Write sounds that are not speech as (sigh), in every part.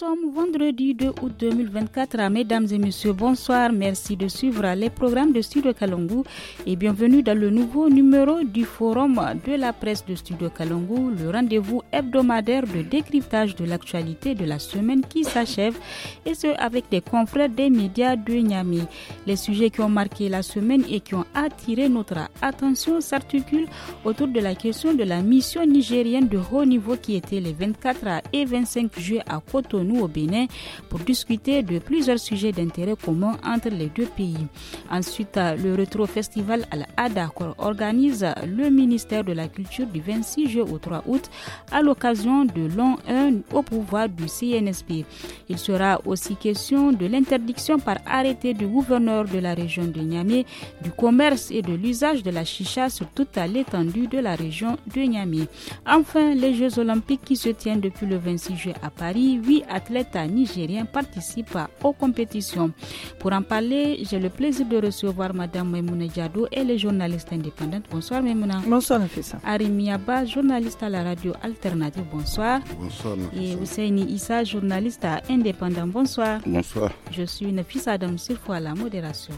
sommes vendredi 2 août 2024. Mesdames et messieurs, bonsoir. Merci de suivre les programmes de Studio Kalongo et bienvenue dans le nouveau numéro du Forum de la presse de Studio Kalongo, le rendez-vous hebdomadaire de décryptage de l'actualité de la semaine qui s'achève et ce avec des confrères des médias de Niamey. Les sujets qui ont marqué la semaine et qui ont attiré notre attention s'articulent autour de la question de la mission nigérienne de haut niveau qui était les 24 et 25 juillet à Cotonou nous au Bénin pour discuter de plusieurs sujets d'intérêt commun entre les deux pays. Ensuite, le Retro Festival à la organise le ministère de la Culture du 26 juin au 3 août à l'occasion de l'an 1 au pouvoir du CNSP. Il sera aussi question de l'interdiction par arrêté du gouverneur de la région de Niamey du commerce et de l'usage de la chicha sur toute l'étendue de la région de Niamey. Enfin, les Jeux olympiques qui se tiennent depuis le 26 juin à Paris, 8 à l'état nigérien participe aux compétitions. Pour en parler, j'ai le plaisir de recevoir Madame Memouna Diadou, et les journalistes indépendante. Bonsoir Memouna. Bonsoir Nafisa. Arimiaba, journaliste à la radio alternative. Bonsoir. Bonsoir Et Ousseini Issa, journaliste indépendant. Bonsoir. Bonsoir. Je suis Nafisa Adam Sirfou à la modération.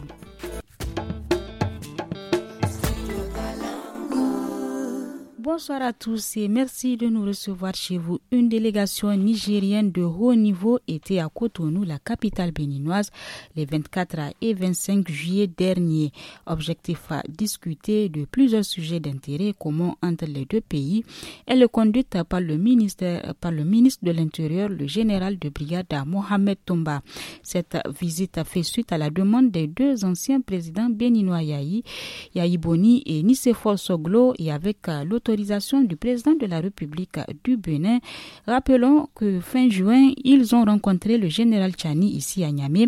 Bonsoir à tous et merci de nous recevoir chez vous. Une délégation nigérienne de haut niveau était à Cotonou, la capitale béninoise, les 24 et 25 juillet dernier. Objectif à discuter de plusieurs sujets d'intérêt communs entre les deux pays. Elle est conduite par le ministère, par le ministre de l'Intérieur, le général de brigade Mohamed Tomba. Cette visite a fait suite à la demande des deux anciens présidents béninois Yahi, Yahi Boni et Nicéphore Soglo et avec euh, l'autorité du président de la République du Bénin. Rappelons que fin juin, ils ont rencontré le général Chani ici à Niamey.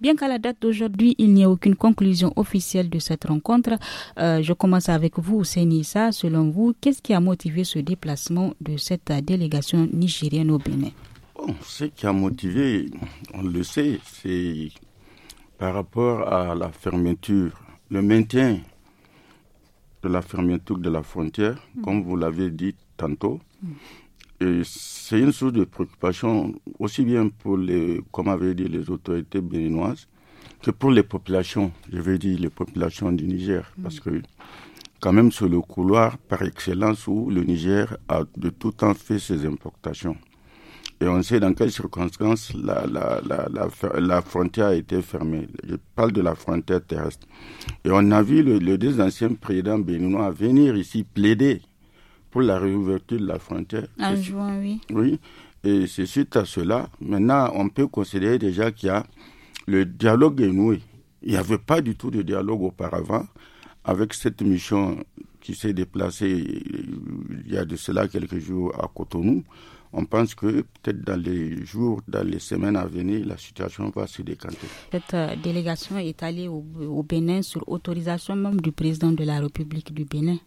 Bien qu'à la date d'aujourd'hui, il n'y ait aucune conclusion officielle de cette rencontre, euh, je commence avec vous, Senissa. Selon vous, qu'est-ce qui a motivé ce déplacement de cette délégation nigérienne au Bénin Ce qui a motivé, on le sait, c'est par rapport à la fermeture, le maintien de la fermeture de la frontière, mm. comme vous l'avez dit tantôt. Et c'est une source de préoccupation aussi bien pour les, comme avait dit les autorités béninoises, que pour les populations, je veux dire les populations du Niger, mm. parce que quand même c'est le couloir par excellence où le Niger a de tout temps fait ses importations. Et on sait dans quelles circonstances la, la, la, la, frontière a été fermée. Je parle de la frontière terrestre. Et on a vu le, deux anciens présidents béninois venir ici plaider pour la réouverture de la frontière. En juin, oui. Oui. Et c'est suite à cela, maintenant, on peut considérer déjà qu'il y a le dialogue est Il n'y avait pas du tout de dialogue auparavant avec cette mission qui s'est déplacée euh, il y a de cela quelques jours à Cotonou on pense que peut-être dans les jours, dans les semaines à venir, la situation va se décanter. Cette euh, délégation est allée au, Bénin sur autorisation même du président de la République du Bénin.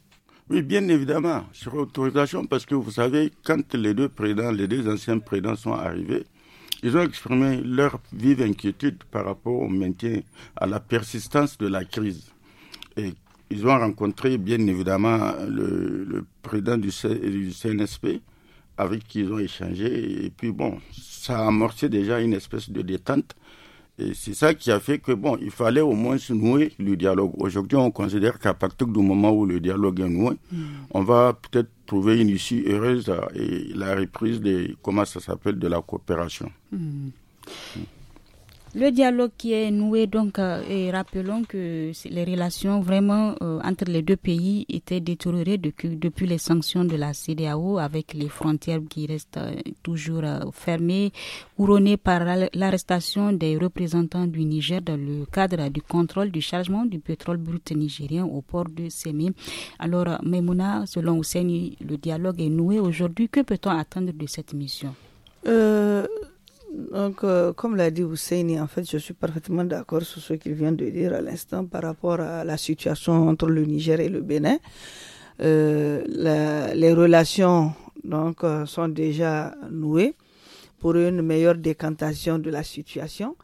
Oui, bien évidemment, sur autorisation, parce que vous savez, quand les deux présidents, les deux anciens présidents sont arrivés, ils ont exprimé leur vive inquiétude par rapport au maintien, à la persistance de la crise. Et ils ont rencontré, bien évidemment, le, président du CNSP, avec qui ils ont échangé. Et puis bon, ça a amorcé déjà une espèce de détente. Et c'est ça qui a fait que, bon, il fallait au moins nouer le dialogue. Aujourd'hui, on considère qu'à partir du moment où le dialogue est noué, hmm. on va peut-être trouver une issue heureuse et la reprise de, comment ça s'appelle, de la coopération. Hmm. Hmm. Le dialogue qui est noué, donc, euh, et rappelons que les relations vraiment euh, entre les deux pays étaient détériorées depuis, les sanctions de la CDAO avec les frontières qui restent euh, toujours fermées, couronnées par l'arrestation des représentants du Niger dans le cadre du contrôle du chargement du pétrole brut nigérien au port de Sémé. Alors, Memouna, selon Ousseini, le dialogue est noué aujourd'hui. Que peut-on attendre de cette mission donc, euh, comme l'a dit Husseini, en fait, je suis parfaitement d'accord sur ce qu'il vient de dire à l'instant par rapport à la situation entre le Niger et le Bénin. Euh, les relations donc euh, sont déjà nouées pour une meilleure décantation de la situation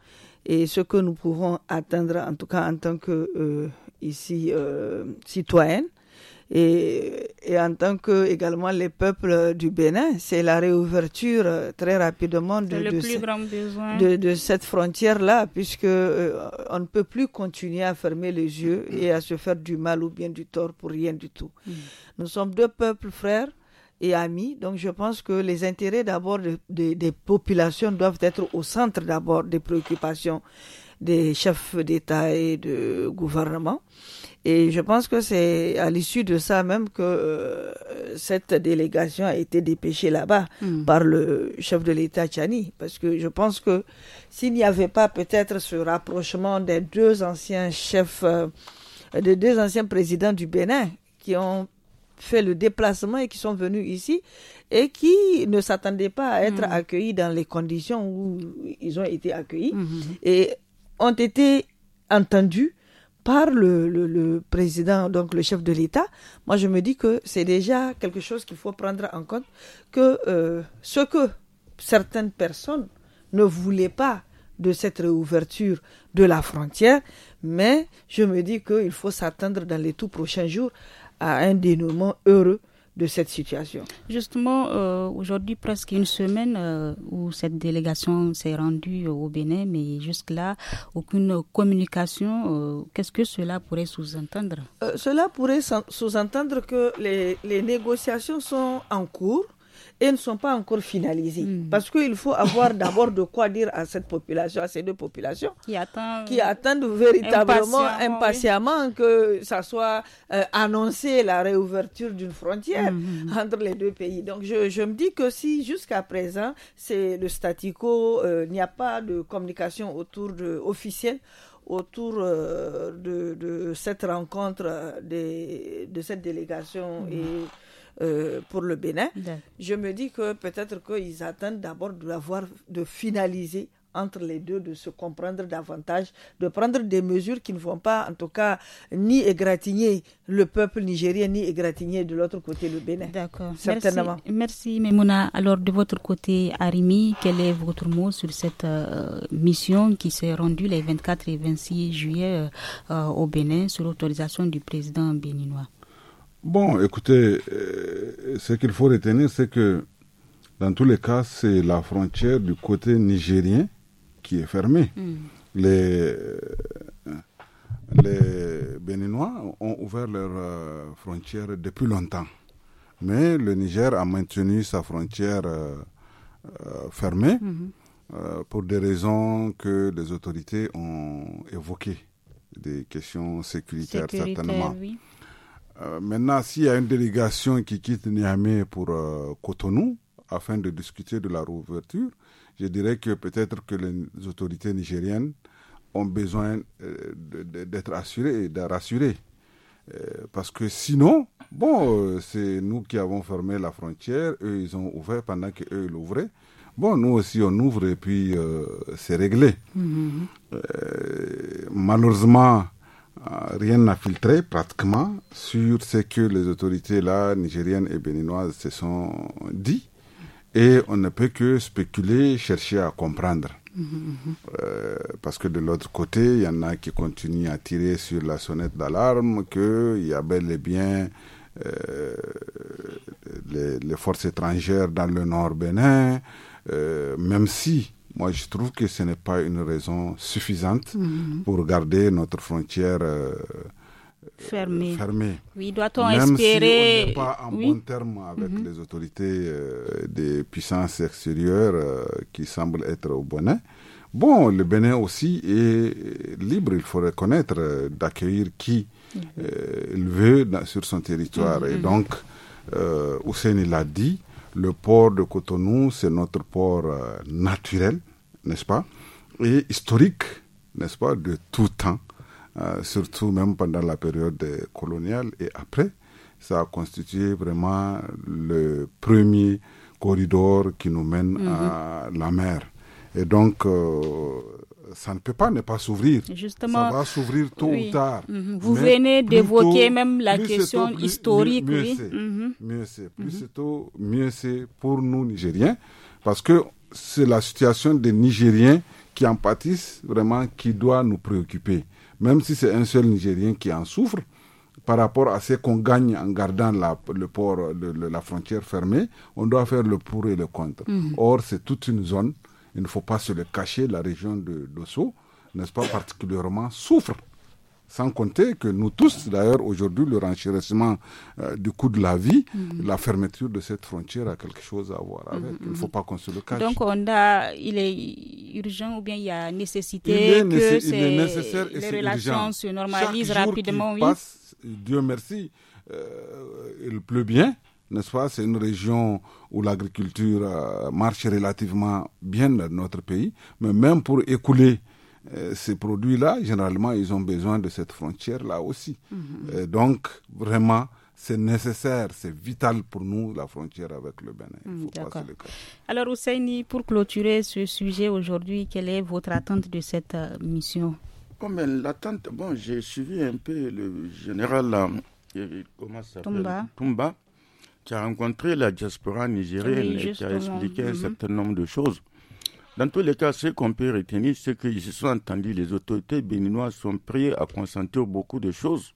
et ce que nous pouvons atteindre en tout cas en tant que ici citoyenne et, en tant que également les peuples du Bénin, c'est la réouverture euh, très rapidement de, de, cette frontière-là, puisque euh, on ne peut plus continuer à fermer les yeux et à se faire du mal ou bien du tort pour rien du tout. Mm. Nous sommes deux peuples frères et amis. Donc je pense que les intérêts d'abord des populations doivent être au centre d'abord des préoccupations des chefs d'État et de gouvernement. Et je pense que c'est à l'issue de ça même que euh, cette délégation a été dépêchée là-bas hmm. par le chef de l'État Chani. Parce que je pense que s'il n'y avait pas peut-être ce rapprochement des deux anciens chefs, euh, des deux anciens présidents du Bénin qui ont fait le déplacement et qui sont venus ici et qui ne s'attendaient pas à être hmm. accueillis dans les conditions où ils ont été accueillis. Hmm, et ont été entendus par le, président, donc le chef de l'État, moi je me dis que c'est déjà quelque chose qu'il faut prendre en compte, que euh, ce que certaines personnes ne voulaient pas de cette réouverture de la frontière, mais je me dis qu'il faut s'attendre dans les tout prochains jours à un dénouement heureux de cette situation Justement, euh, aujourd'hui, presque une semaine euh, où cette délégation s'est rendue euh, au Bénin, mais jusque-là, aucune communication. Qu'est-ce que cela pourrait sous-entendre Cela pourrait sous-entendre que les, les, négociations sont en cours et ne sont pas encore finalisées. Hmm. Parce qu'il faut avoir d'abord de quoi dire à cette population, à ces deux populations, qui, attendent véritablement, impatiemment, que ça soit euh, annoncé la réouverture d'une frontière hmm, hmm, entre les deux pays. Donc je, me dis que si jusqu'à présent, c'est le statu quo, il euh, n'y a pas de communication autour de, officielle autour euh, de, cette rencontre de cette délégation et euh, pour le Bénin. Je me dis que peut-être qu'ils attendent d'abord de finaliser entre les deux, de se comprendre davantage, de prendre des mesures qui ne vont pas, en tout cas, ni égratigner le peuple nigérien, ni égratigner de l'autre côté le Bénin. D'accord. Certainement. Merci, merci Alors, de votre côté, Arimi, quel est votre mot sur cette euh, mission qui s'est rendue les 24 et 26 juillet euh, au Bénin sous l'autorisation du président béninois Bon, écoutez, euh, ce qu'il faut retenir, c'est que dans tous les cas, c'est la frontière du côté nigérien qui est fermée. Hmm. Euh, les, Béninois ont ouvert leur euh, frontière depuis longtemps. Mais le Niger a maintenu sa frontière fermée hmm. pour des raisons que les autorités ont évoquées, des questions sécuritaires certainement. Euh, maintenant, s'il y a une délégation qui quitte Niamey pour euh, Cotonou afin de discuter de la rouverture, je dirais que peut-être que les autorités nigériennes ont besoin euh, d'être assurées et de rassurer. parce que sinon, bon, c'est nous qui avons fermé la frontière, eux ils ont ouvert pendant que qu'eux l'ouvraient. Bon, nous aussi on ouvre et puis c'est réglé. Mm-hmm. malheureusement, euh, rien n'a filtré pratiquement sur ce que les autorités là, nigériennes et béninoises se sont dit. Et on ne peut que spéculer, chercher à comprendre. Euh, parce que de l'autre côté, il y en a qui continuent à tirer sur la sonnette d'alarme qu'il y a bel et bien euh, les, forces étrangères dans le nord Bénin, même si moi je trouve que ce n'est pas une raison suffisante mm-hmm. pour garder notre frontière euh, fermée. Euh, fermée. Oui, doit-on espérer. Si on n'est pas en bon terme avec mm-hmm. les autorités euh, des puissances extérieures qui semblent être au Bénin. Bon, le Bénin aussi est libre, il faut reconnaître, d'accueillir qui mm-hmm. il veut sur son territoire. Et donc, Hussein l'a dit, le port de Cotonou, c'est notre port euh, naturel, n'est-ce pas Et historique, n'est-ce pas, de tout temps, euh, surtout même pendant la période euh, coloniale et après. Ça a constitué vraiment le premier corridor qui nous mène mm-hmm. à la mer. Et donc, ça ne peut pas ne pas s'ouvrir. ça va s'ouvrir tôt ou tard. Mhm. Vous venez d'évoquer même la question plus, historique. Mieux, oui. c'est, mhm. plus mhm. c'est tôt, mieux c'est pour nous Nigériens, parce que c'est la situation des Nigériens qui en pâtissent vraiment, qui doit nous préoccuper. Même si c'est un seul Nigérien qui en souffre, par rapport à ce qu'on gagne en gardant la, le port, la frontière fermée, on doit faire le pour et le contre. Or, c'est toute une zone il ne faut pas se le cacher, la région de d'Osso, n'est-ce pas, particulièrement souffre. Sans compter que nous tous, d'ailleurs, aujourd'hui, le renchérissement euh, du coût de la vie, mm-hmm. la fermeture de cette frontière a quelque chose à voir avec. Il ne mm-hmm. faut pas qu'on se le cache. Donc, on a, il est urgent ou bien il y a nécessité que les relations se normalisent rapidement. Oui. Dieu merci, euh, il pleut bien n'est-ce pas C'est une région où l'agriculture euh, marche relativement bien dans notre pays, mais même pour écouler euh, ces produits-là, généralement, ils ont besoin de cette frontière-là aussi. Mhm. Euh, donc, vraiment, c'est nécessaire, c'est vital pour nous, la frontière avec le Bénin. Il mm, le Alors, Ousseini, pour clôturer ce sujet aujourd'hui, quelle est votre attente de cette mission oh, L'attente, bon, j'ai suivi un peu le général, comment comment s'appelle qui a rencontré la diaspora nigérienne et qui a expliqué un mhm. certain nombre de choses. Dans tous les cas, ce qu'on peut retenir, c'est qu'ils se sont entendus. Les autorités béninoises sont prêtes à consentir beaucoup de choses.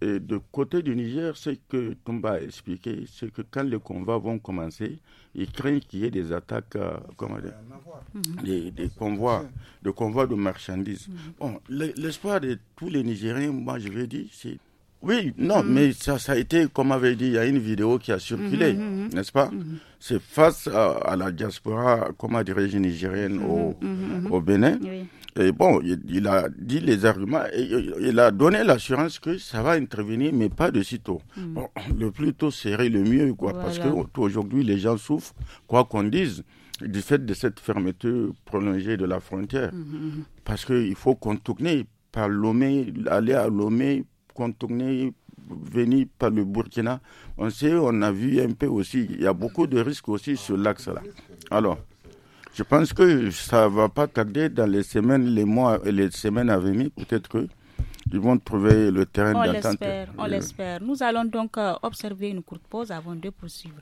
Et de côté du Niger, ce que Tomba a expliqué, c'est que quand les convois vont commencer, ils craignent qu'il y ait des attaques, euh, comment mhm. des, des, convois, des convois de marchandises. Mhm. Bon, l'espoir de tous les Nigériens, moi je vais dire, c'est oui, non, mm. mais ça, ça a été, comme avait dit, il y a une vidéo qui a circulé, mm-hmm, mm-hmm. n'est-ce pas mm-hmm. C'est face à, la diaspora, comment dirais-je, nigérienne au, au Bénin. Et bon, il, a dit les arguments et il, a donné l'assurance que ça va intervenir, mais pas de sitôt. Mm. Bon, le plus tôt serait le mieux, quoi, parce que aujourd'hui les gens souffrent, quoi qu'on dise du fait de cette fermeture prolongée de la frontière. Parce qu'il faut contourner par Lomé, aller à Lomé, contourner, venu par le Burkina. On sait, on a vu un peu aussi, il y a beaucoup de risques aussi sur l'axe-là. Alors, je pense que ça ne va pas tarder dans les semaines, les mois et les semaines à venir, peut-être que ils vont trouver le terrain d'attente. On l'espère, on l'espère. Nous allons donc euh, observer une courte pause avant de poursuivre.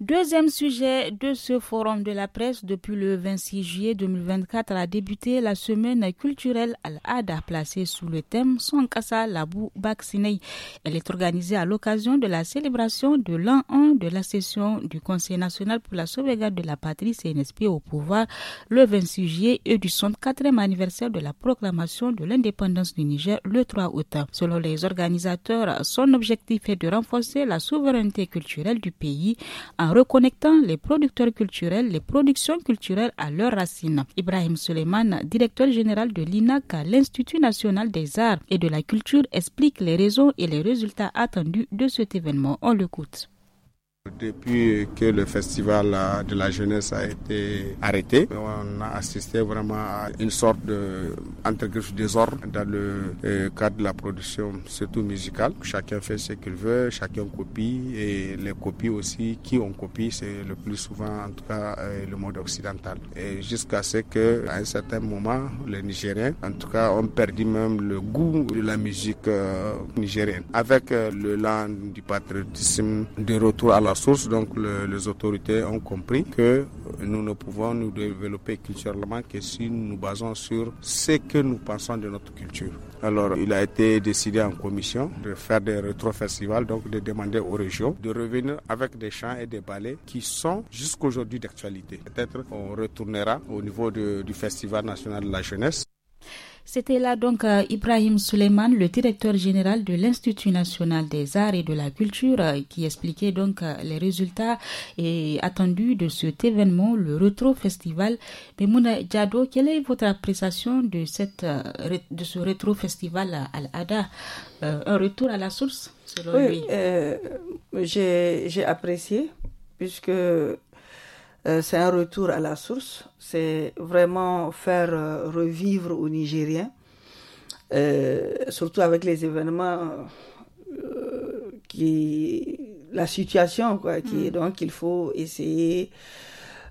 Deuxième sujet de ce forum de la presse, depuis le 26 juillet 2024 a débuté la semaine culturelle Al-Ada placée sous le thème Sankasa Labou Baksinei. Elle est organisée à l'occasion de la célébration de l'an 1 de la session du Conseil national pour la sauvegarde de la patrie CNSP au pouvoir le 26 juillet et du 104 e anniversaire de la proclamation de l'indépendance du Niger le 3 août. Selon les organisateurs, son objectif est de renforcer la souveraineté culturelle du pays en reconnectant les producteurs culturels, les productions culturelles à leurs racines. Ibrahim Soleiman, directeur général de l'INAC, l'Institut national des arts et de la culture, explique les raisons et les résultats attendus de cet événement. On l'écoute. Depuis que le festival euh, de la jeunesse a été arrêté, on a assisté vraiment à une sorte de désordre dans le euh, cadre de la production, surtout musicale. Chacun fait ce qu'il veut, chacun copie et les copies aussi, qui ont copié c'est le plus souvent en tout cas euh, le monde occidental. Et jusqu'à ce que à un certain moment, les Nigériens, en tout cas, ont perdu même le goût de la musique nigérienne. Avec le land du patriotisme, de retour à la source, donc les autorités ont compris que nous ne pouvons nous développer culturellement que si nous nous basons sur ce que nous pensons de notre culture. Alors, il a été décidé en commission de faire des rétro-festivals, donc de demander aux régions de revenir avec des chants et des ballets qui sont jusqu'aujourd'hui d'actualité. Peut-être on retournera au niveau du Festival national de la jeunesse. C'était là donc euh, Ibrahim Suleiman, le directeur général de l'Institut national des arts et de la culture, euh, qui expliquait donc euh, les résultats et attendus de cet événement, le Retro Festival. Mais Mouna Diado, quelle est votre appréciation de, cette, de ce Retro Festival à Al-Ada Un retour à la source, selon oui, J'ai apprécié, puisque euh, c'est un retour à la source, c'est vraiment faire euh, revivre au Nigériens, euh, surtout avec les événements qui, la situation quoi, qui mm. donc il faut essayer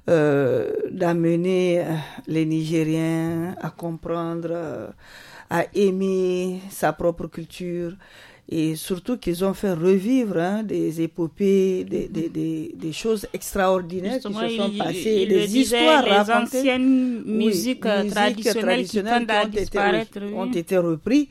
d'amener les Nigériens à comprendre, à aimer sa propre culture et surtout qu'ils ont fait revivre hein, des épopées, des, des, mhm. des, des choses extraordinaires qui se sont passées, des histoires les anciennes euh, musiques, traditionnelles, qui, ont, été, ont été reprises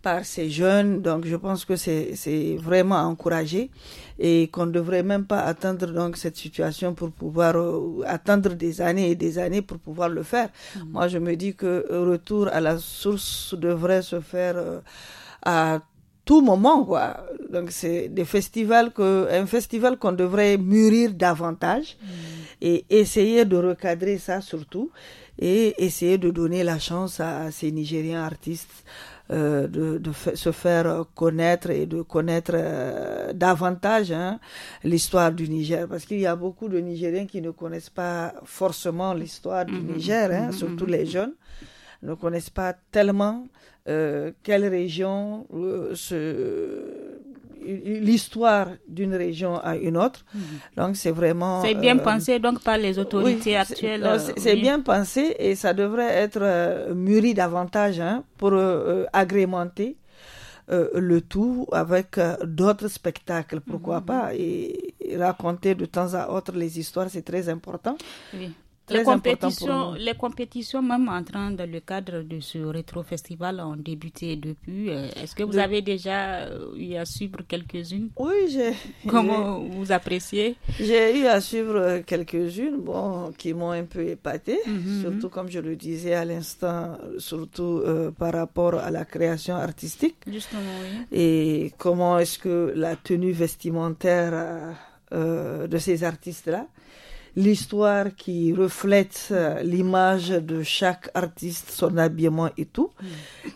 par ces jeunes. Donc, je pense que c'est vraiment encouragé et qu'on ne devrait même pas attendre donc cette situation pour pouvoir euh, attendre des années et des années pour pouvoir le faire. Mhm. Moi, je me dis que euh, retour à la source devrait se faire à tout moment, quoi. Donc, c'est des festivals que, un festival qu'on devrait mûrir davantage mm. et essayer de recadrer ça surtout et essayer de donner la chance à, ces Nigériens artistes euh, de, se faire connaître et de connaître euh, davantage hein, l'histoire du Niger. Parce qu'il y a beaucoup de Nigériens qui ne connaissent pas forcément l'histoire du mm-hmm. Niger, hein, mm-hmm. surtout les mm-hmm. jeunes ne connaissent pas tellement euh, quelle région, euh, l'histoire d'une région à une autre. Mhm. Donc c'est vraiment... C'est bien euh, pensé donc par les autorités actuelles. C'est bien pensé et ça devrait être mûri davantage hein, pour agrémenter le tout avec d'autres spectacles, pourquoi mhm. pas, et, raconter de temps à autre les histoires, c'est très important. Oui les compétitions, les compétitions, même entrant dans le cadre de ce rétro-festival, ont débuté depuis. Euh, est-ce que vous avez déjà euh, eu à suivre quelques-unes Oui, j'ai. Comment vous appréciez J'ai eu à suivre euh, quelques-unes, bon, qui m'ont un peu épatée, mhm, surtout mhm. comme je le disais à l'instant, surtout par rapport à la création artistique. Justement, oui. Et comment est-ce que la tenue vestimentaire. de ces artistes-là l'histoire qui reflète euh, l'image de chaque artiste, son habillement et tout, mm.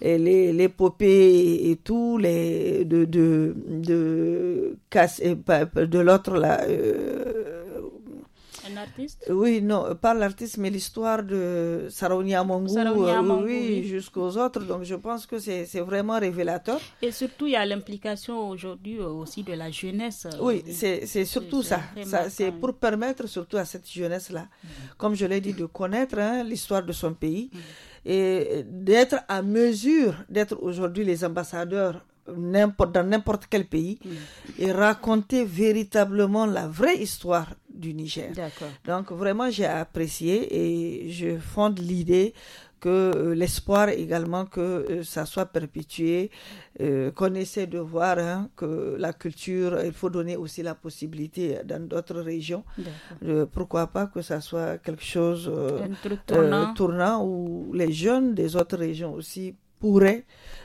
et les l'épopée et tout, les de de de, de, euh, de l'autre là. Euh, un artiste Oui, non, pas l'artiste, mais l'histoire de Saronia Mongou, euh, oui, jusqu'aux autres. Donc je pense que c'est vraiment révélateur. Et surtout, il y a l'implication aujourd'hui euh, aussi de la jeunesse. Euh, oui, c'est surtout ça. ça c'est pour permettre surtout à cette jeunesse-là, mhm. comme je l'ai dit, de connaître hein, l'histoire de son pays. Mhm. et d'être à mesure d'être aujourd'hui les ambassadeurs dans n'importe quel pays mhm. et raconter véritablement la vraie histoire du Niger. Donc vraiment, j'ai apprécié et je fonde l'idée que euh, l'espoir également que euh, ça soit perpétué, euh, qu'on essaie de voir hein, que la culture, il faut donner aussi la possibilité dans d'autres régions, pourquoi pas que ça soit quelque chose tournant où les jeunes des autres régions aussi pourraient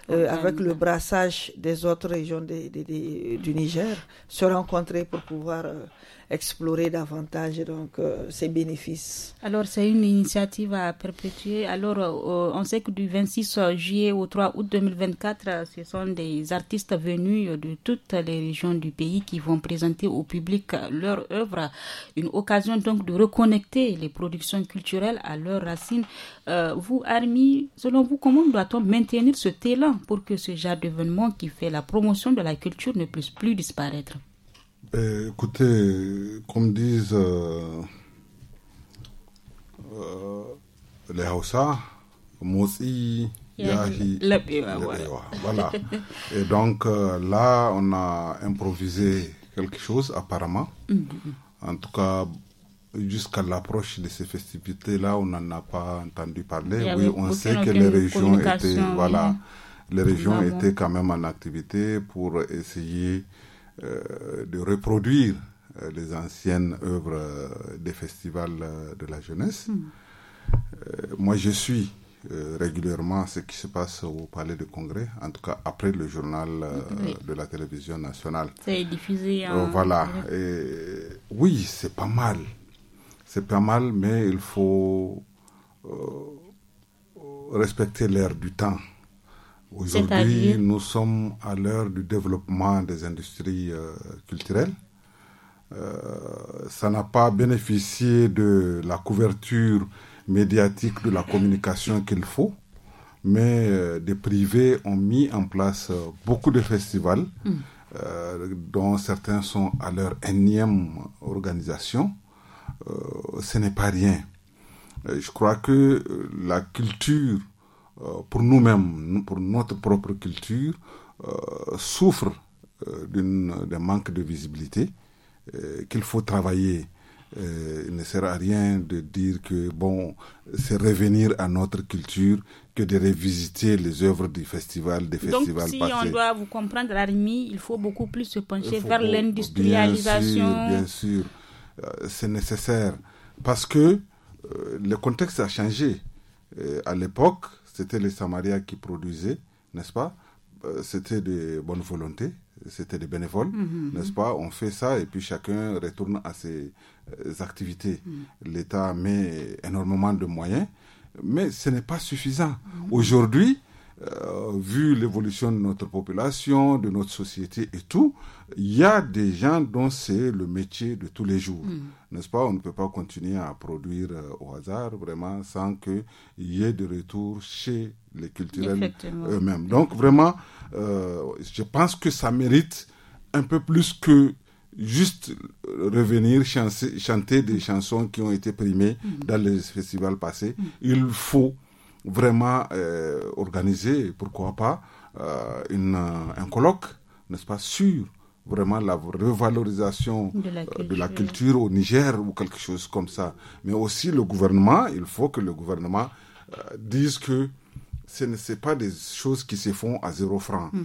euh, avec le brassage des autres régions du Niger, se rencontrer pour pouvoir euh, explorer davantage donc ces euh, bénéfices. Alors c'est une initiative à perpétuer. Alors on sait que du 26 juillet au 3 août 2024, ce sont des artistes venus de toutes les régions du pays qui vont présenter au public leur œuvre. Une occasion donc de reconnecter les productions culturelles à leurs racines. vous, Armi, selon vous, comment doit-on maintenir ce talent pour que ce genre d'événement qui fait la promotion de la culture ne puisse plus disparaître euh, Écoutez, comme disent euh, euh, les Hausa, Moussi, Yahi, e e Voilà. (laughs) Et donc là, on a improvisé quelque chose apparemment. Mm-hmm. En tout cas, jusqu'à l'approche de ces festivités-là, on n'en a pas entendu parler. Oui, on sait que les régions étaient, voilà, les régions ah étaient quand même en activité pour essayer euh, de reproduire euh, les anciennes œuvres euh, des festivals de la jeunesse. Hmm. moi, je suis régulièrement ce qui se passe au Palais de Congrès, en tout cas après le journal de la télévision nationale. C'est diffusé. voilà. Et, oui, c'est pas mal. C'est pas mal, mais il faut respecter l'air du temps. Aujourd'hui, nous sommes à l'heure du développement des industries euh, culturelles. Euh, ça n'a pas bénéficié de la couverture médiatique de la communication qu'il faut, mais euh, des privés ont mis en place beaucoup de festivals, hmm. dont certains sont à leur énième organisation. ce n'est pas rien. je crois que la culture euh, pour nous-mêmes, pour notre propre culture, euh, souffre euh, d'un manque de visibilité qu'il faut travailler. il ne sert à rien de dire que bon, c'est revenir à notre culture que de revisiter les œuvres du festival, des festivals Donc, si on doit vous comprendre, Armi, il faut beaucoup plus se pencher vers l'industrialisation. Bien sûr, sûr. c'est nécessaire parce que le contexte a changé. à l'époque, c'était les Samarias qui produisaient, n'est-ce pas euh, C'était de bonne volonté, c'était des bénévoles, mhm, mhm. n'est-ce pas On fait ça et puis chacun retourne à ses euh, activités. Mhm. L'État met énormément de moyens, mais ce n'est pas suffisant. Aujourd'hui, euh, vu l'évolution de notre population, de notre société et tout, il y a des gens dont c'est le métier de tous les jours. Hmm. N'est-ce pas On ne peut pas continuer à produire euh, au hasard, vraiment, sans qu'il y ait de retour chez les culturels eux-mêmes. Donc, vraiment, euh, je pense que ça mérite un peu plus que juste revenir chanter des chansons qui ont été primées hmm. dans les festivals passés. Hmm. Il faut vraiment euh, organiser, pourquoi pas, euh, euh, un colloque, n'est-ce pas, sur vraiment la revalorisation de la, culture au Niger ou quelque chose comme ça. Mais aussi le gouvernement, il faut que le gouvernement dise que ce ne sont pas des choses qui se font à zéro franc. Mm,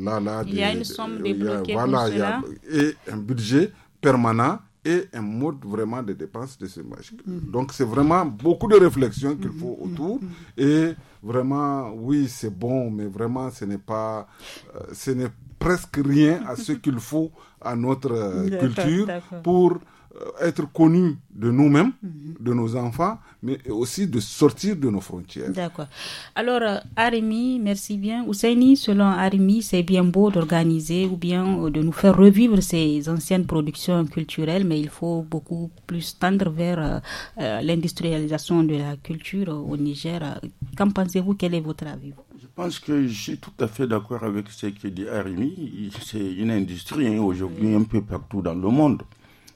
mm. là, là, il y a une somme débloquée. Voilà, pour cela. et un budget permanent et un mode vraiment de dépense de ce match. Mm-hmm. Donc c'est vraiment beaucoup de réflexion qu'il faut mm-hmm. autour mm-hmm. et vraiment oui c'est bon mais vraiment ce n'est pas euh, ce n'est presque rien à ce qu'il faut à notre euh, (laughs) culture pour euh, être connu de nous-mêmes, mhm. de nos enfants, mais aussi de sortir de nos frontières. D'accord. Alors, euh, Arimi, merci bien. Ousseini, selon Arimi, c'est bien beau d'organiser ou bien euh, de nous faire revivre ces anciennes productions culturelles, mais il faut beaucoup plus tendre vers l'industrialisation de la culture au Niger. Qu'en pensez-vous Quel est votre avis Je pense que je suis tout à fait d'accord avec ce que dit Arimi. C'est une industrie hein, aujourd'hui un peu partout dans le monde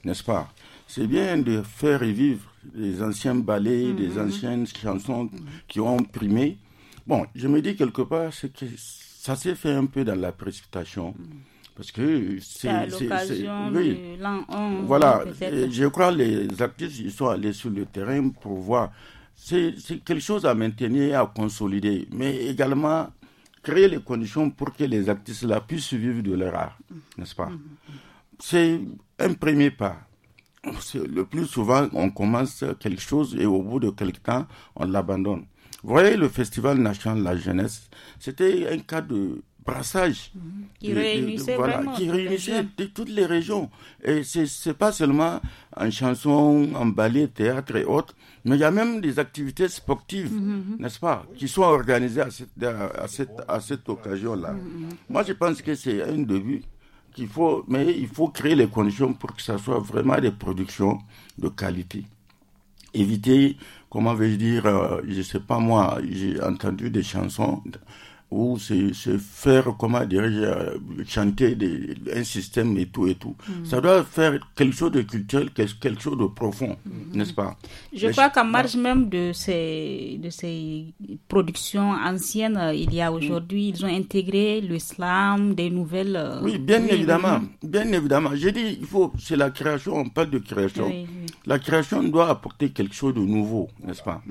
n'est-ce pas C'est bien de faire revivre les anciens ballets, les mm-hmm. anciennes chansons qui ont primé. Bon, je me dis quelque part, c'est que ça s'est fait un peu dans la précipitation. Mm. Parce que c'est. oui. Voilà, je crois que les artistes ils sont allés sur le terrain pour voir. C'est quelque chose à maintenir, à consolider, mais également créer les conditions pour que les artistes-là puissent vivre de leur art, n'est-ce pas mm-hmm c'est un premier pas. Le plus souvent, on commence quelque chose et au bout de quelque temps, on l'abandonne. Vous voyez, le Festival national de la jeunesse, c'était un cas de brassage qui, réunissait, toutes les régions. Et ce n'est pas seulement en chanson, en ballet, théâtre et autres, mais il y a même des activités sportives, mhm, mhm. n'est-ce pas, qui sont organisées à cette, occasion-là. Mhm, Moi, je pense que c'est un début faut, mais il faut créer les conditions pour que ce soit vraiment des productions de qualité. Éviter, comment vais-je dire, euh, je sais pas moi, j'ai entendu des chansons ou c'est faire, comment dire, euh, chanter des, un système et tout et tout. Mm. Ça doit faire quelque chose de culturel, quelque chose de profond, mm. n'est-ce pas Je crois qu'en marge même de ces, de ces productions anciennes, euh, il y a mm. aujourd'hui, ils ont intégré l'islam, des nouvelles... Euh, oui, bien évidemment, bien évidemment. J'ai dit, il faut, c'est la création, on parle de création. la création doit apporter quelque chose de nouveau, n'est-ce pas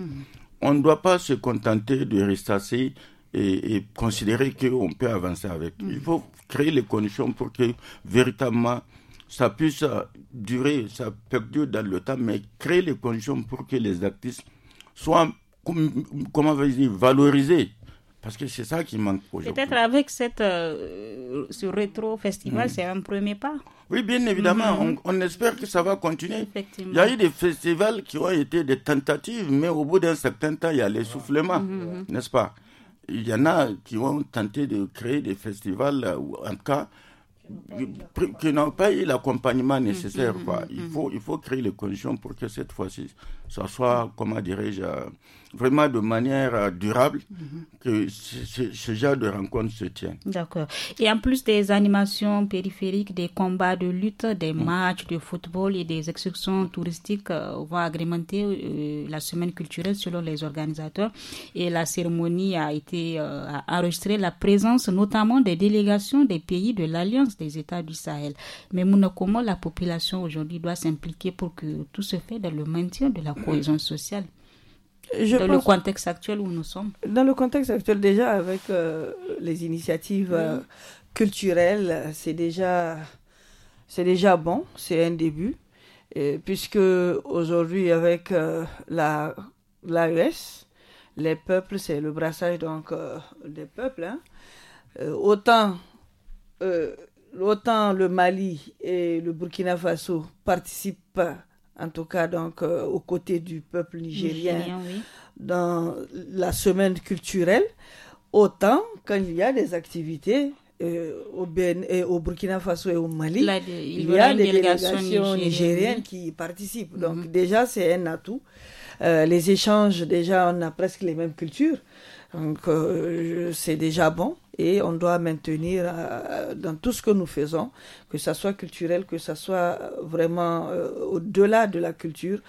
On ne doit pas se contenter de restasser et, considérer qu'on peut avancer avec. Il mm. faut créer les conditions pour que véritablement ça puisse durer, ça perdure dans le temps, mais créer les conditions pour que les artistes soient, comment dire, valorisés. Parce que c'est ça qui manque aujourd'hui. Peut-être avec cette, euh, ce rétro-festival, mm. c'est un premier pas. Oui, bien évidemment. Mm-hmm. On, espère que ça va continuer. Il y a eu des festivals qui ont été des tentatives, mais au bout d'un certain temps, il y a l'essoufflement, mm-hmm. n'est-ce pas il y en a qui ont tenté de créer des festivals, ou en tout cas, qui n'ont pas eu l'accompagnement nécessaire. Mhm, quoi. Mhm, il, mhm. faut, il faut créer les conditions pour que cette fois-ci, ça soit, comment dirais-je, euh, vraiment de manière euh, durable mhm. que ce, genre de rencontre se tienne. D'accord. Et en plus des animations périphériques, des combats de lutte, des mm. matchs de football et des excursions touristiques euh, vont agrémenter euh, la semaine culturelle selon les organisateurs. Et la cérémonie a été enregistrée, la présence notamment des délégations des pays de l'Alliance des États du Sahel. Mais comment la population aujourd'hui doit s'impliquer pour que tout se fait dans le maintien de la cohésion mm. sociale dans le contexte actuel où nous sommes Dans le contexte actuel, déjà avec euh, les initiatives euh, culturelles, c'est déjà, c'est déjà bon, c'est un début. Et puisque aujourd'hui, avec euh, la l'AES, les peuples, c'est le brassage donc des peuples. Hein. autant, autant le Mali et le Burkina Faso participent en tout cas donc euh, aux côtés du peuple nigérien, dans la semaine culturelle, autant quand il y a des activités euh, au, ben, euh, au Burkina Faso et au Mali, il, y a des délégations nigériennes, qui participent. Mhm. Donc déjà c'est un atout. les échanges, déjà on a presque les mêmes cultures, donc c'est déjà bon et on doit maintenir euh, dans tout ce que nous faisons, que ça soit culturel, que ça soit euh, vraiment euh, au-delà de la culture,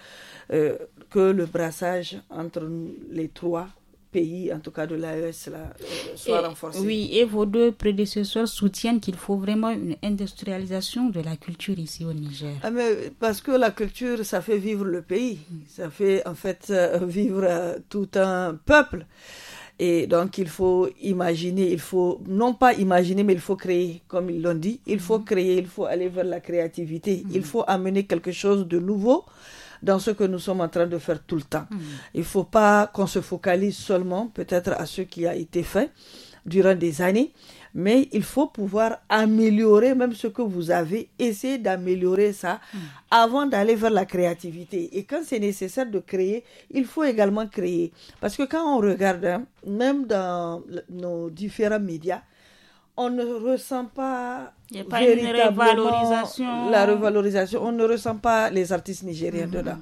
que le brassage entre les trois pays, en tout cas de l'AES, soit renforcé. Oui, et vos deux prédécesseurs soutiennent qu'il faut vraiment une industrialisation de la culture ici au Niger. Ah, parce que la culture, ça fait vivre le pays, ça fait en fait vivre tout un peuple. Et donc, il faut imaginer, il faut, non pas imaginer, mais il faut créer, comme ils l'ont dit. Il faut mhm. créer, il faut aller vers la créativité. Mhm. Il faut amener quelque chose de nouveau dans ce que nous sommes en train de faire tout le temps. Mhm. Il ne faut pas qu'on se focalise seulement peut-être à ce qui a été fait durant des années, mais il faut pouvoir améliorer même ce que vous avez, essayer d'améliorer ça hmm. avant d'aller vers la créativité. Et quand c'est nécessaire de créer, il faut également créer. Parce que quand on regarde, hein, même dans nos différents médias, on ne ressent pas, Il a une revalorisation. la revalorisation, on ne ressent pas les artistes nigériens mm-hmm. dedans.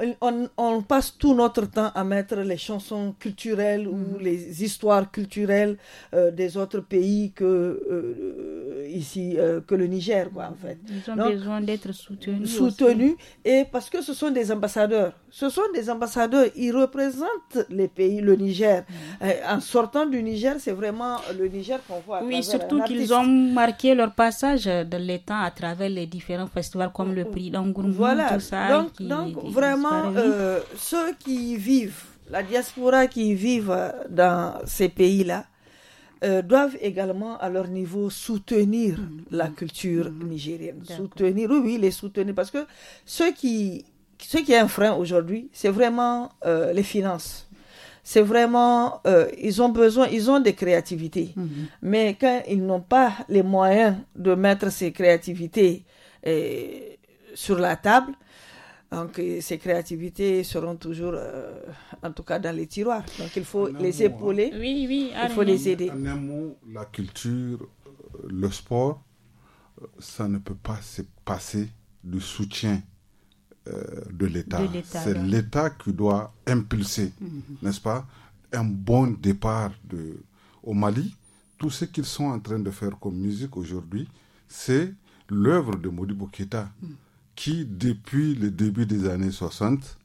Mm-hmm. On, passe tout notre temps à mettre les chansons culturelles ou mm-hmm. les histoires culturelles euh, des autres pays que euh, ici euh, que le Niger, quoi, en fait. Ils ont besoin d'être soutenus. Soutenus, et parce que ce sont des ambassadeurs. Ce sont des ambassadeurs, ils représentent les pays, le Niger. Mm. Euh, en sortant du Niger, c'est vraiment le Niger qu'on voit. oui, surtout qu'ils ont marqué leur passage dans les temps à travers les différents festivals comme le mm. prix d'Angourmou, voilà. Donc, donc vraiment, euh, ceux qui vivent, la diaspora qui vivent dans ces pays-là, euh, doivent également à leur niveau soutenir mm, mm, la culture mm, nigérienne. Soutenir, oui, les soutenir. Parce que ce qui, qui est un frein aujourd'hui, c'est vraiment euh, les finances. C'est vraiment, euh, ils ont besoin, ils ont des créativités. Mais quand ils n'ont pas les moyens de mettre ces créativités sur la table, donc, ces créativités seront toujours, euh, en tout cas, dans les tiroirs. Donc, il faut les hein. épauler. Oui, oui. Il faut les aider. En un mot, la culture, euh, le sport, euh, ça ne peut pas se passer du soutien de l'État. C'est l'État qui doit impulser, mhm. n'est-ce pas, un bon départ de... au Mali. Tout ce qu'ils sont en train de faire comme musique aujourd'hui, c'est l'œuvre de Modibo Keita. Mhm qui, depuis le début des années 60,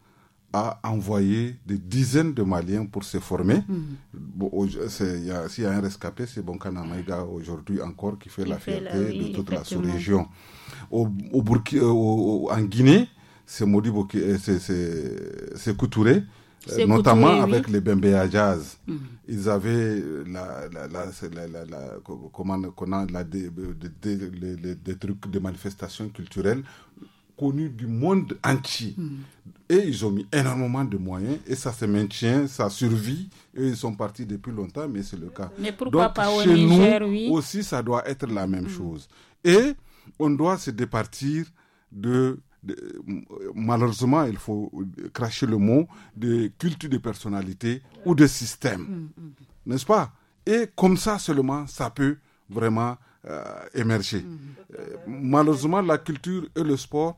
a envoyé des dizaines de Maliens pour se former. Hmm. S'il y, a un rescapé, c'est Bonkana ah. Maïga aujourd'hui encore qui fait la fierté de toute la sous-région. Euh, au, en Guinée, c'est Modibo, euh, c'est Couturé euh, notamment avec les Bembea Jazz. Hmm. Ils avaient la, la, la, des, des, trucs de manifestations culturelles connu du monde entier. Hmm. Et ils ont mis énormément de moyens et ça se maintient, ça survit. Et ils sont partis depuis longtemps, mais c'est le cas. Mais pourquoi Donc, pas au chez Niger, nous, oui. aussi, ça doit être la même hmm. chose. Et on doit se départir de, malheureusement, il faut cracher le mot, de culture de personnalité ou de système. Hmm, N'est-ce pas Et comme ça seulement, ça peut vraiment euh, émerger. Euh, malheureusement, la culture et le sport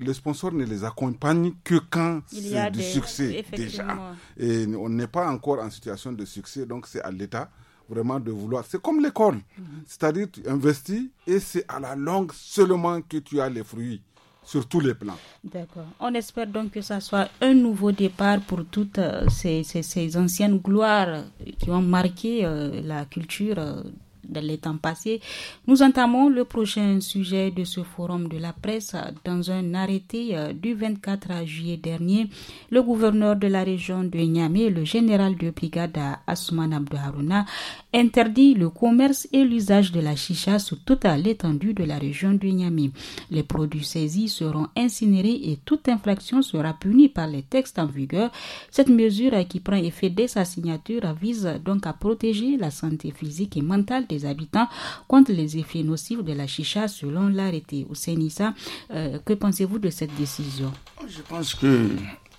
les sponsors ne les accompagnent que quand c'est du succès déjà. Et on n'est pas encore en situation de succès, donc c'est à l'État vraiment de vouloir. C'est comme l'école, mhm. c'est-à-dire tu investis et c'est à la longue seulement que tu as les fruits sur tous les plans. D'accord. On espère donc que ça soit un nouveau départ pour toutes euh, ces, anciennes gloires qui ont marqué euh, la culture euh, dans les temps passés. Nous entamons le prochain sujet de ce forum de la presse. Dans un arrêté euh, du 24 juillet dernier, le gouverneur de la région de Niamey, le général de brigade Asuman Abdouharouna, interdit le commerce et l'usage de la chicha sur toute l'étendue de la région de Niamey. Les produits saisis seront incinérés et toute infraction sera punie par les textes en vigueur. Cette mesure qui prend effet dès sa signature vise donc à protéger la santé physique et mentale des habitants contre les effets nocifs de la chicha selon l'arrêté. Sénissa. euh, que pensez-vous de cette décision Je pense que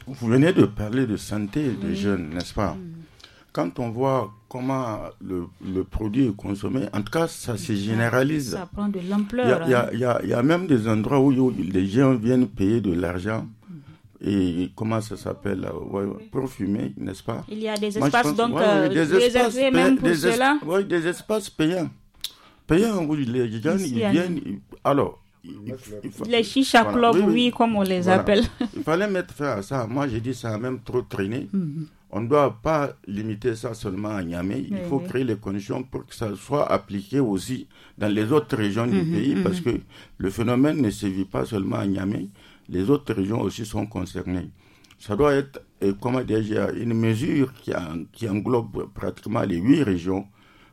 vous venez de parler de santé des jeunes, n'est-ce pas mm. Quand on voit comment le, produit est consommé, en tout cas, ça se mm. généralise. Ça prend de l'ampleur. Il y, hein. y, a même des endroits où les gens viennent payer de l'argent et comment ça s'appelle euh, ouais, Profumé, n'est-ce pas Il y a des espaces donc euh, des espaces même pour cela. Oui, des espaces payants. Payants où les gens Alors, les chicha oui, comme on les appelle. il fallait mettre fin à ça. Moi, j'ai dit ça a même trop traîné. (laughs) Mhm. On ne doit pas limiter ça seulement à Niamey. Il faut créer les conditions pour que ça soit appliqué aussi dans les autres régions du mhm, pays parce mhm. que le phénomène ne se vit pas seulement à Niamey les autres régions aussi sont concernées. Ça doit être, euh, comment déjà, une mesure qui, englobe pratiquement les huit régions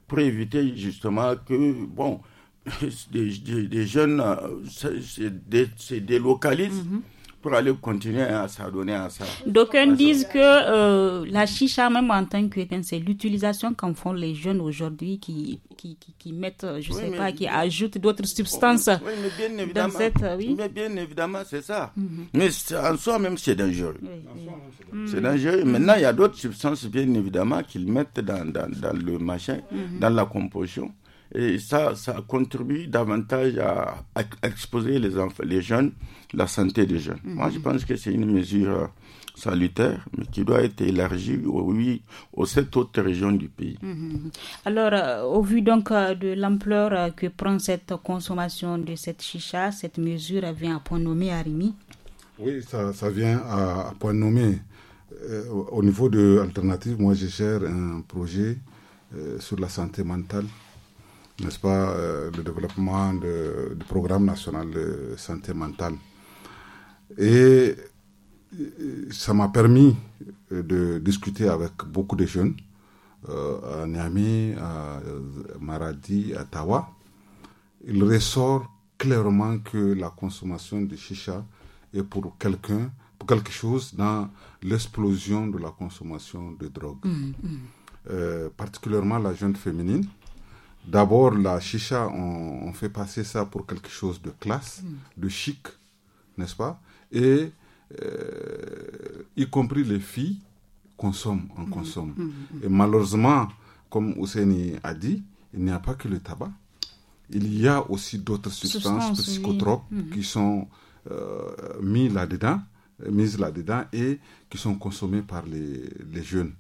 pour éviter justement que, bon, (laughs) des, jeunes euh, se, délocalisent. Mm-hmm pour aller continuer à s'adonner à ça. D'aucuns disent que euh, la chicha, même en tant que c'est l'utilisation qu'en font les jeunes aujourd'hui qui, qui, mettent, je sais pas, qui ajoutent d'autres oh, substances. Oui, bien évidemment, cette, euh, mais bien évidemment, c'est ça. Mhm. Mais en soi-même, c'est dangereux. Mhm. c'est dangereux. Mhm. Maintenant, il y a d'autres substances, bien évidemment, qu'ils mettent dans, le machin, dans la composition et ça, ça contribue davantage à, exposer les, les jeunes, la santé des jeunes. Mhm. Moi, je pense que c'est une mesure euh, salutaire, mais qui doit être élargie aux, oh aux sept autres régions du pays. Mhm. Alors, euh, au vu donc euh, de l'ampleur que prend cette consommation de cette chicha, cette mesure vient à point nommé à Oui, ça, vient à, point nommé. au niveau de l'alternative, moi, je gère un projet sur la santé mentale n'est-ce pas, euh, le développement du programme national de santé mentale. Et ça m'a permis euh, de discuter avec beaucoup de jeunes euh, à Niamey, à Maradi, à Tawa. Il ressort clairement que la consommation de chicha est pour quelqu'un, pour quelque chose dans l'explosion de la consommation de drogue. Mm, mm. particulièrement la jeune féminine, D'abord, la chicha, on, fait passer ça pour quelque chose de classe, mm. de chic, n'est-ce pas Et euh, y compris les filles consomment, en mm. consomment. Mm, et malheureusement, comme Ouseni a dit, il n'y a pas que le tabac. Il y a aussi d'autres substances, psychotropes qui sont euh, mises là-dedans, mises là-dedans et qui sont consommées par les, jeunes.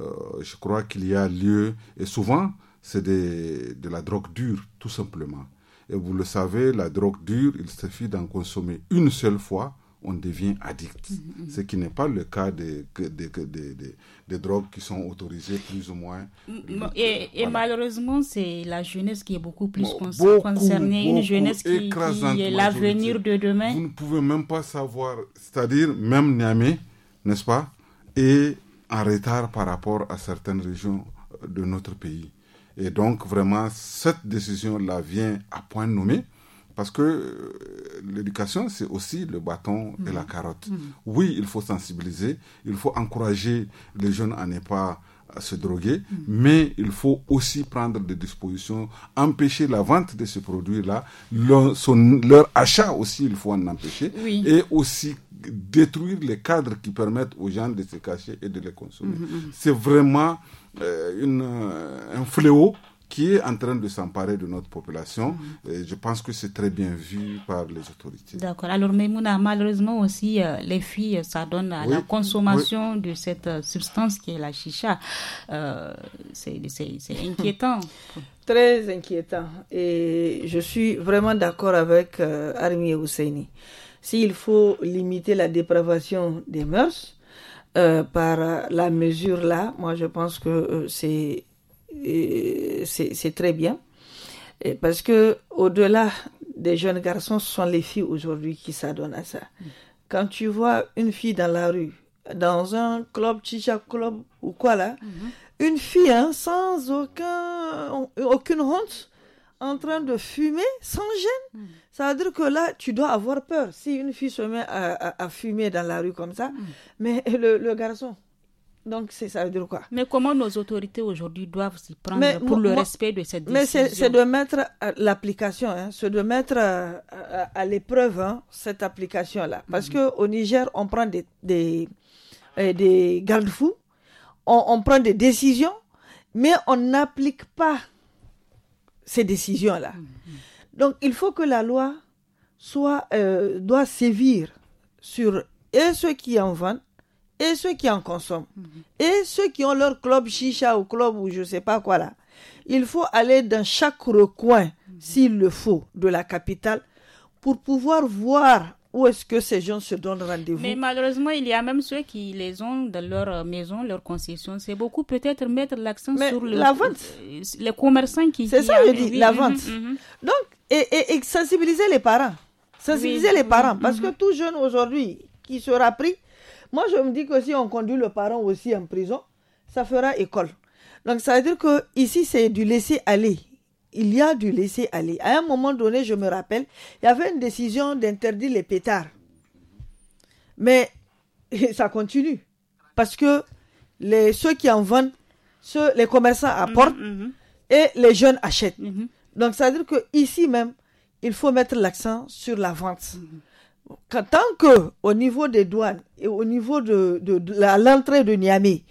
Euh, je crois qu'il y a lieu, et souvent, c'est de la drogue dure, tout simplement. Et vous le savez, la drogue dure, il suffit d'en consommer une seule fois, on devient addict. Mm, mm, mm. Ce qui n'est pas le cas des, drogues qui sont autorisées plus ou moins. Et, malheureusement, c'est la jeunesse qui est beaucoup plus concernée, une jeunesse qui, est l'avenir de demain. Vous ne pouvez même pas savoir, c'est-à-dire même Niamey, n'est-ce pas, est en retard par rapport à certaines régions de notre pays. Et donc, vraiment, cette décision-là vient à point nommé parce que euh, l'éducation, c'est aussi le bâton et la mm-hmm. carotte. Mm-hmm. Oui, il faut sensibiliser, il faut encourager les jeunes à ne pas se droguer, mm-hmm. mais il faut aussi prendre des dispositions, empêcher la vente de ces produits-là, leur, leur, achat aussi, il faut en empêcher, et aussi détruire les cadres qui permettent aux gens de se cacher et de les consommer. C'est vraiment euh, une, euh, un fléau qui est en train de s'emparer de notre population. Mhm. Et je pense que c'est très bien vu par les autorités. D'accord. Alors, Memouna, malheureusement aussi, euh, les filles, ça donne à la consommation de cette substance qui est la chicha. Euh, c'est inquiétant. (laughs) très inquiétant. Et je suis vraiment d'accord avec Armie Ousseini. S'il faut limiter la dépravation des mœurs, euh, par la mesure là, moi je pense que euh, euh, c'est c'est très bien. parce que au-delà des jeunes garçons, ce sont les filles aujourd'hui qui s'adonnent à ça. Mm. Quand tu vois une fille dans la rue, dans un club, chicha club ou quoi là, mm-hmm. une fille hein, sans aucun, aucune honte, en train de fumer sans gêne. Mm. Ça veut dire que là, tu dois avoir peur. Si une fille se met à, fumer dans la rue comme ça, mm. mais (laughs) le, garçon, donc, ça veut dire quoi Mais comment nos autorités aujourd'hui doivent s'y prendre pour le respect de cette décision Mais c'est de mettre euh, l'application, hein, c'est de mettre euh, euh, à, l'épreuve hein, cette application-là. Mm-hmm. Parce qu'au Niger, on prend des, des, garde-fous, on, prend des décisions, mais on n'applique pas ces décisions-là. Mm-hmm. Donc il faut que la loi soit, euh, doit sévir sur et ceux qui en vendent et ceux qui en consomment mm-hmm. et ceux qui ont leur club chicha ou club ou je sais pas quoi là. Il faut aller dans chaque recoin, mm-hmm. s'il le faut, de la capitale pour pouvoir voir où est-ce que ces gens se donnent rendez-vous. Mais malheureusement, il y a même ceux qui les ont dans leur euh, maison, leur concession. C'est beaucoup peut-être mettre l'accent sur la vente. Euh, les commerçants qui. C'est ça, je dis, la vente. Mm-hmm, Donc, et, sensibiliser les parents. Sensibiliser les parents. Mm-hmm. parce que tout jeune aujourd'hui qui sera pris, moi je me dis que si on conduit le parent aussi en prison, ça fera école. Donc ça veut dire que ici c'est du laisser aller. Il y a du laisser aller. À un moment donné, je me rappelle, il y avait une décision d'interdire les pétards. Mais (laughs) ça continue. Parce que les, ceux qui en vendent, les commerçants mm-hmm, apportent mm-hmm. et les jeunes achètent. Donc, ça veut dire qu'ici même, il faut mettre l'accent sur la vente. Mm-hmm. tant que, au niveau des douanes et au niveau de, l'entrée de Niamey,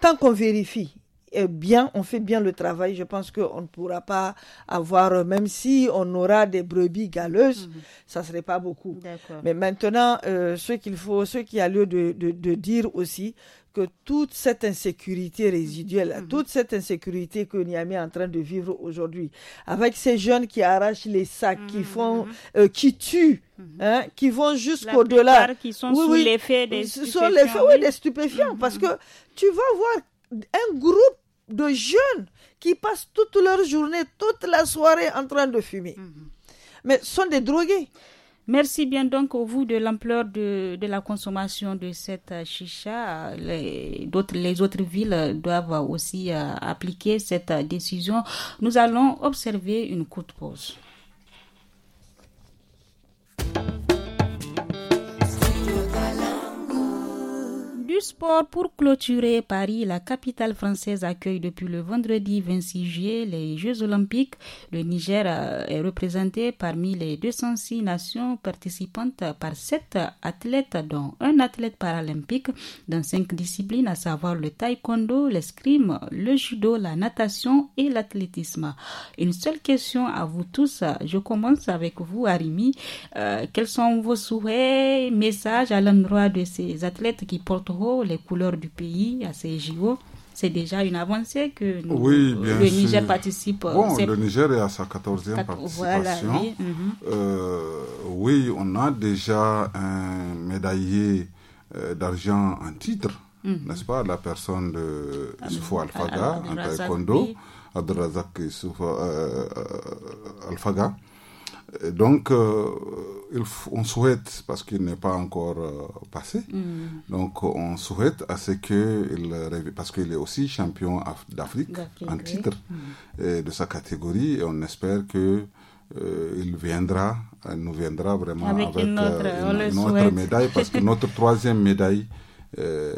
tant qu'on vérifie eh bien, on fait bien le travail, je pense qu'on ne pourra pas avoir, euh, même si on aura des brebis galeuses, mm-hmm. ça ne serait pas beaucoup. Mais maintenant, euh, ce qu'il faut, ce qui a lieu de dire aussi, toute cette insécurité résiduelle, mhm. toute cette insécurité que Niamey est en train de vivre aujourd'hui, avec ces jeunes qui arrachent les sacs, qui mhm, font, mhm. Euh, qui tuent, hein, qui vont jusqu'au-delà, qui sont oui, sous l'effet des stupéfiants, stupéfiants parce que tu vas voir un groupe de jeunes qui passent toute leur journée, toute la soirée en train de fumer, mais sont des drogués. Merci bien donc au vous de l'ampleur de, la consommation de cette chicha. Les, autres, les autres villes doivent aussi euh, appliquer cette décision. Nous allons observer une courte pause. sport pour clôturer Paris, la capitale française accueille depuis le vendredi 26 juillet les Jeux olympiques. Le Niger euh, est représenté parmi les 206 nations participantes par 7 athlètes, dont un athlète paralympique dans 5 disciplines, à savoir le taekwondo, l'escrime, le judo, la natation et l'athlétisme. Une seule question à vous tous. Je commence avec vous, Arimi. Euh, quels sont vos souhaits, messages à l'endroit de ces athlètes qui portent les couleurs du pays à ces JO. C'est déjà une avancée que euh, le Niger participe. Euh, bon, le Niger est à sa 14e participation. Mhm. Euh, oui. on a déjà un médaillé d'argent en titre, mhm. n'est-ce pas, la personne de Soufou Al-Faga en taekwondo. Abdelrazak Soufou al donc, euh, on souhaite, parce qu'il n'est pas encore euh, passé, mm. donc on souhaite à ce qu'il parce qu'il est aussi champion d'Afrique en titre mm. de sa catégorie, et on espère que euh, il viendra, nous viendra vraiment avec, notre médaille, parce que notre troisième médaille (laughs) Euh,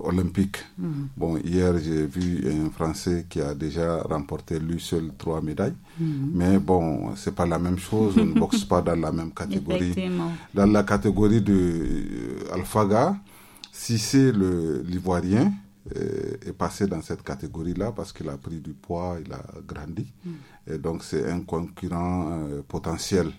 olympique. Mm. Bon, hier, j'ai vu un Français qui a déjà remporté lui seul trois médailles. Mm. Mais bon, c'est pas la même chose. On ne (laughs) boxe pas dans la même catégorie. Dans la catégorie de euh, Alfaga, si c'est l'Ivoirien, euh, est passé dans cette catégorie-là parce qu'il a pris du poids, il a grandi. Mm. Et donc c'est un concurrent potentiel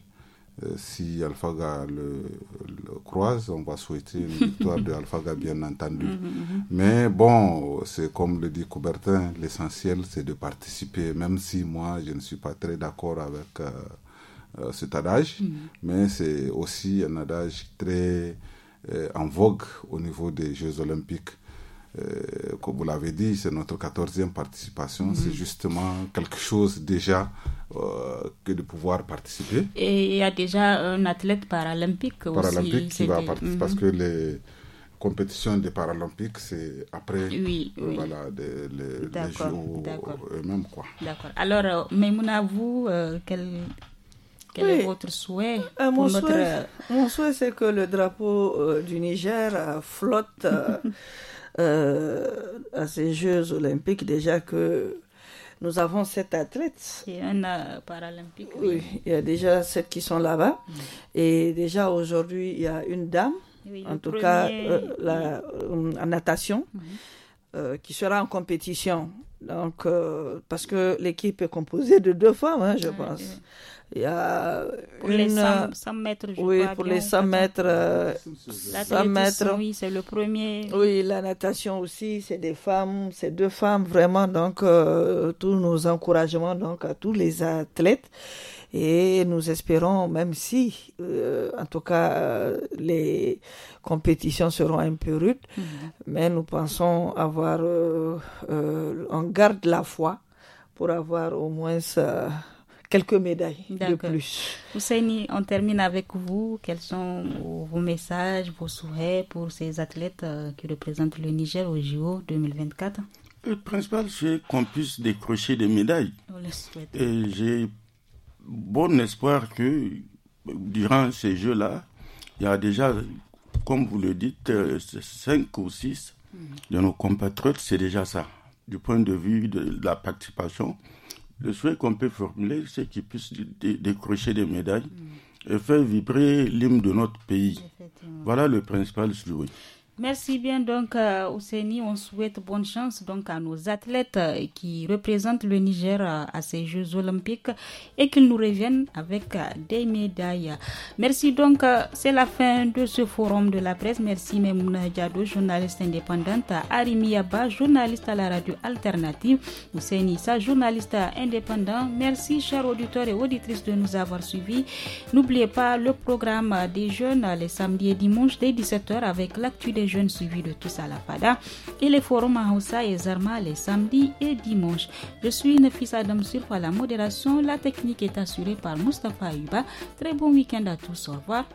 euh, si Alphaga le, le, croise, on va souhaiter une victoire de Alphaga, bien entendu. Mhm, mhm, mhm. Mais bon, c'est comme le dit Coubertin, l'essentiel c'est de participer, même si moi je ne suis pas très d'accord avec euh, euh, cet adage, mais c'est aussi un adage très en vogue au niveau des Jeux Olympiques. Euh, comme vous l'avez dit, c'est notre 14e participation. Mm-hmm. C'est justement quelque chose déjà euh, que de pouvoir participer. Et il y a déjà un athlète paralympique, aussi. qui va participer mm-hmm. parce que les compétitions des Paralympiques, c'est après euh, les, eux-mêmes. D'accord. Alors, mais vous, quel, quel est votre souhait, mon, souhait c'est que le drapeau du Niger flotte (laughs) Euh, à ces Jeux olympiques déjà que nous avons sept athlètes. Il y a euh, paralympiques. Oui. il y a déjà sept qui sont là-bas. Mm. Et déjà aujourd'hui, il y a une dame, en tout cas euh, la, en natation, mm. qui sera en compétition. Donc, parce que l'équipe est composée de deux femmes, hein, je pense. Il y a pour les 100, mètres, je oui, pour les 100 euh, mètres, Oui, c'est le premier. Oui, la natation aussi, c'est des femmes, c'est deux femmes vraiment. Donc, euh, tous nos encouragements donc à tous les athlètes et nous espérons, même si, euh, en tout cas, les compétitions seront un peu rudes, mhm. mais nous pensons avoir, on garde la foi pour avoir au moins quelques médailles de plus. Ousseini, on termine avec vous. Quels sont vos messages, vos souhaits pour ces athlètes euh, qui représentent le Niger au JO 2024 Le principal, c'est qu'on puisse décrocher des médailles. Et j'ai bon espoir que durant ces Jeux-là, il y a déjà, comme vous le dites, 5 euh, ou six mm. de nos compatriotes, c'est déjà ça, du point de vue de la participation. Le souhait qu'on peut formuler, c'est qu'ils puissent décrocher des médailles et faire vibrer l'hymne de notre pays. Voilà le principal souhait. Merci bien donc euh, Ouseni, on souhaite bonne chance donc à nos athlètes euh, qui représentent le Niger euh, à ces Jeux olympiques et qu'ils nous reviennent avec des médailles. Merci donc, c'est la fin de ce forum de la presse. Merci Memouna Diado, journaliste indépendante, Arimi Yaba, journaliste à la radio alternative, Ouseni sa journaliste indépendant. Merci chers auditeurs et auditrices de nous avoir suivis. N'oubliez pas le programme des jeunes les samedis et dimanches dès 17h avec l'actu des Jeune suivi de tous à la FADA et les forums à Houssa et Zarma les samedis et dimanches. Je suis Nefis Adam sur la modération. La technique est assurée par Mustapha Huba. Très bon week-end à tous. Au revoir.